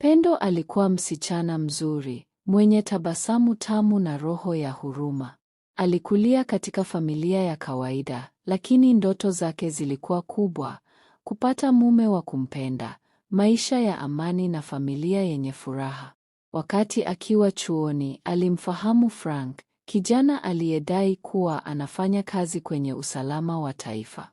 Pendo alikuwa msichana mzuri, mwenye tabasamu tamu na roho ya huruma. Alikulia katika familia ya kawaida, lakini ndoto zake zilikuwa kubwa: kupata mume wa kumpenda, maisha ya amani na familia yenye furaha. Wakati akiwa chuoni, alimfahamu Frank, kijana aliyedai kuwa anafanya kazi kwenye usalama wa taifa.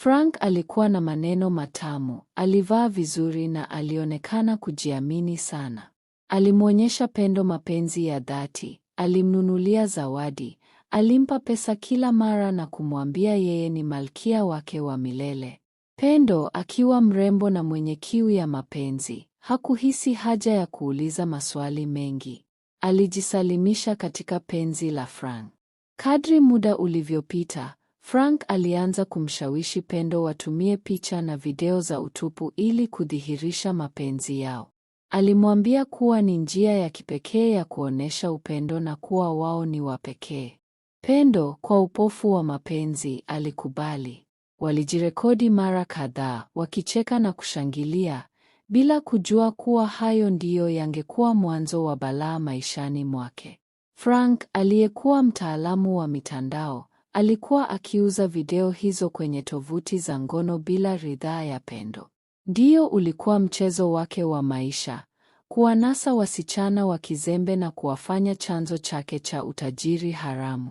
Frank alikuwa na maneno matamu, alivaa vizuri na alionekana kujiamini sana. Alimwonyesha Pendo mapenzi ya dhati, alimnunulia zawadi, alimpa pesa kila mara na kumwambia yeye ni malkia wake wa milele. Pendo akiwa mrembo na mwenye kiu ya mapenzi, hakuhisi haja ya kuuliza maswali mengi. Alijisalimisha katika penzi la Frank. Kadri muda ulivyopita, Frank alianza kumshawishi Pendo watumie picha na video za utupu ili kudhihirisha mapenzi yao. Alimwambia kuwa ni njia ya kipekee ya kuonesha upendo na kuwa wao ni wa pekee. Pendo, kwa upofu wa mapenzi, alikubali. Walijirekodi mara kadhaa wakicheka na kushangilia bila kujua kuwa hayo ndiyo yangekuwa mwanzo wa balaa maishani mwake. Frank, aliyekuwa mtaalamu wa mitandao, Alikuwa akiuza video hizo kwenye tovuti za ngono bila ridhaa ya Pendo. Ndiyo ulikuwa mchezo wake wa maisha, kuwanasa wasichana wa kizembe na kuwafanya chanzo chake cha utajiri haramu.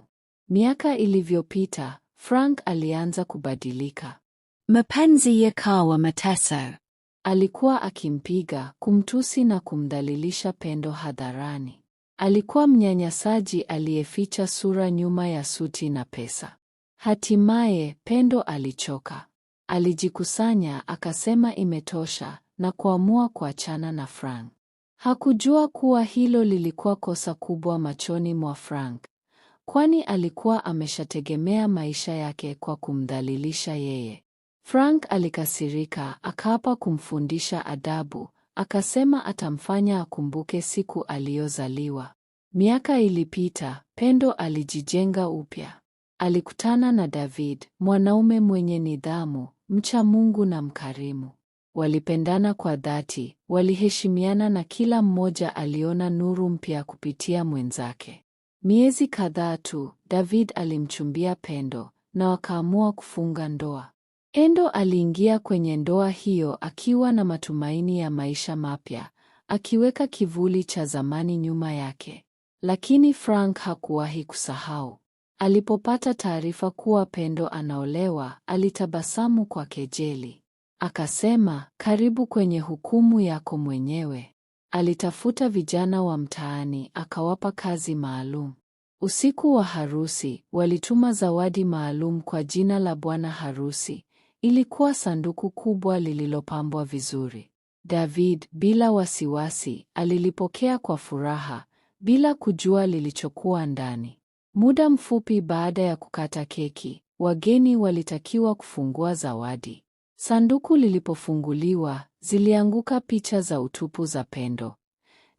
Miaka ilivyopita, Frank alianza kubadilika. Mapenzi yakawa mateso. Alikuwa akimpiga, kumtusi na kumdhalilisha Pendo hadharani. Alikuwa mnyanyasaji aliyeficha sura nyuma ya suti na pesa. Hatimaye Pendo alichoka. Alijikusanya, akasema imetosha na kuamua kuachana na Frank. Hakujua kuwa hilo lilikuwa kosa kubwa machoni mwa Frank, kwani alikuwa ameshategemea maisha yake kwa kumdhalilisha yeye. Frank alikasirika, akaapa kumfundisha adabu Akasema atamfanya akumbuke siku aliyozaliwa. Miaka ilipita, Pendo alijijenga upya. Alikutana na David, mwanaume mwenye nidhamu, mcha Mungu na mkarimu. Walipendana kwa dhati, waliheshimiana na kila mmoja aliona nuru mpya kupitia mwenzake. Miezi kadhaa tu, David alimchumbia Pendo na wakaamua kufunga ndoa. Endo aliingia kwenye ndoa hiyo akiwa na matumaini ya maisha mapya, akiweka kivuli cha zamani nyuma yake. Lakini Frank hakuwahi kusahau. Alipopata taarifa kuwa Pendo anaolewa, alitabasamu kwa kejeli. Akasema, karibu kwenye hukumu yako mwenyewe. Alitafuta vijana wa mtaani, akawapa kazi maalum. Usiku wa harusi, walituma zawadi maalum kwa jina la bwana harusi, Ilikuwa sanduku kubwa lililopambwa vizuri. David, bila wasiwasi, alilipokea kwa furaha, bila kujua lilichokuwa ndani. Muda mfupi baada ya kukata keki, wageni walitakiwa kufungua zawadi. Sanduku lilipofunguliwa, zilianguka picha za utupu za Pendo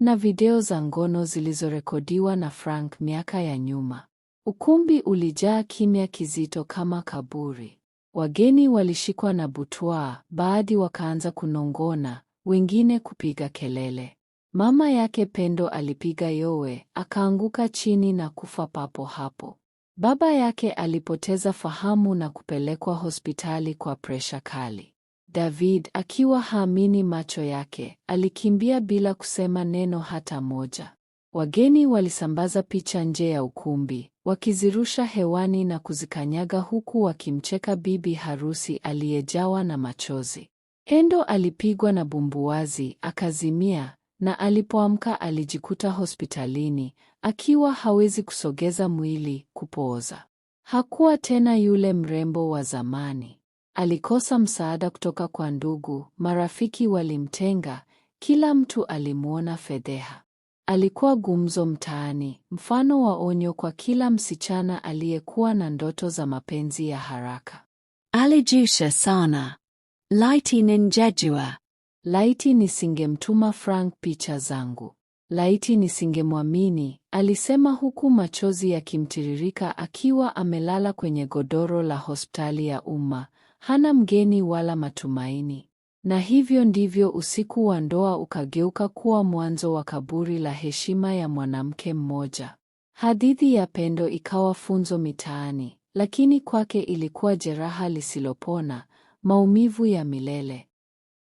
na video za ngono zilizorekodiwa na Frank miaka ya nyuma. Ukumbi ulijaa kimya kizito kama kaburi. Wageni walishikwa na butwa, baadhi wakaanza kunong'ona, wengine kupiga kelele. Mama yake Pendo alipiga yowe, akaanguka chini na kufa papo hapo. Baba yake alipoteza fahamu na kupelekwa hospitali kwa presha kali. David akiwa haamini macho yake, alikimbia bila kusema neno hata moja. Wageni walisambaza picha nje ya ukumbi, wakizirusha hewani na kuzikanyaga huku wakimcheka bibi harusi aliyejawa na machozi. endo alipigwa na bumbuwazi akazimia, na alipoamka alijikuta hospitalini akiwa hawezi kusogeza mwili kupooza. Hakuwa tena yule mrembo wa zamani. Alikosa msaada kutoka kwa ndugu, marafiki walimtenga, kila mtu alimwona fedheha. Alikuwa gumzo mtaani, mfano wa onyo kwa kila msichana aliyekuwa na ndoto za mapenzi ya haraka. Alijusha sana. Laiti ninjejua. Laiti nisingemtuma Frank picha zangu. Laiti nisingemwamini, alisema huku machozi yakimtiririka akiwa amelala kwenye godoro la hospitali ya umma, hana mgeni wala matumaini. Na hivyo ndivyo usiku wa ndoa ukageuka kuwa mwanzo wa kaburi la heshima ya mwanamke mmoja. Hadithi ya Pendo ikawa funzo mitaani, lakini kwake ilikuwa jeraha lisilopona, maumivu ya milele.